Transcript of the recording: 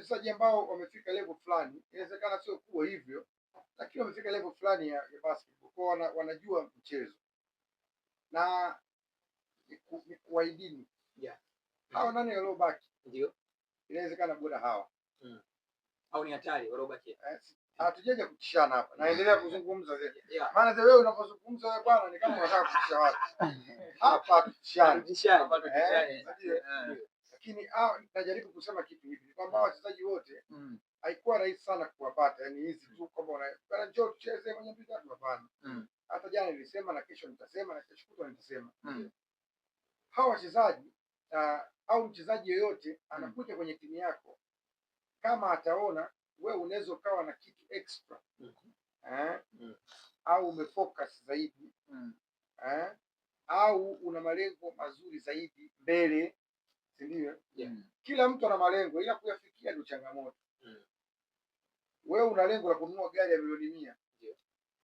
wachezaji ambao wamefika level fulani, inawezekana sio kuwa hivyo, lakini wamefika level fulani ya, ya basketball kwa wana, wanajua mchezo na ni kuwaidini yeah. hawa nani waliobaki, ndio inawezekana bora hawa mm. au ni hatari waliobaki eh, hatujaja kutishana hapa, naendelea kuzungumza zaidi yeah. maana wewe unapozungumza wewe bwana ni kama unataka kutisha watu hapa, tutishane eh, lakini najaribu kusema kitu kwamba wachezaji wote mm. haikuwa rahisi sana kuwapata, yani hizi tu kwamba bana njoo tucheze moja mbili tatu, hapana. Mm. Hata jana nilisema na kesho nitasema na kesho kutwa nitasema mm. hawa wachezaji uh, au mchezaji yoyote anakuja kwenye timu yako kama ataona wewe unaweza ukawa na kitu extra mm -hmm. eh? mm. au umefocus zaidi mm. eh? au una malengo mazuri zaidi mbele, si ndio? yeah. Kila mtu ana malengo, ila kuyafikia ndio changamoto. Hmm. Wewe una lengo la kununua gari ya milioni mia,